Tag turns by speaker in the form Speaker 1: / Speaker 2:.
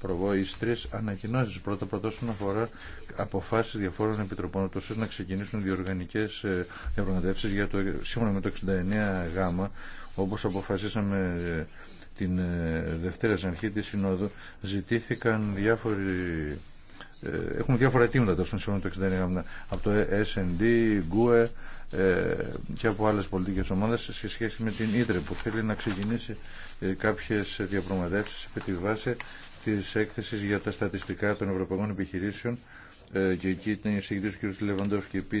Speaker 1: προβώ τρει ανακοινώσει ανακοινώσεις. Πρώτα πρώτα όσον αφορά αποφάσει διαφόρων επιτροπών, ώστε να ξεκινήσουν διοργανικέ ε, διαπραγματεύσει για το, σύμφωνα με το 69 γ όπως αποφασίσαμε ε, την ε, Δευτέρα αρχή της Συνόδου, ζητήθηκαν διάφοροι ε, Έχουν διάφορα αιτήματα τα σύνολο το 69 από το S&D, GUE ε, και από άλλες πολιτικές ομάδες σε σχέση με την Ήτρε που θέλει να ξεκινήσει ε, κάποιες διαπραγματεύσεις επί τη βάση της έκθεσης για τα στατιστικά των ευρωπαϊκών επιχειρήσεων και εκεί ήταν η συγκεκριτή
Speaker 2: του κ.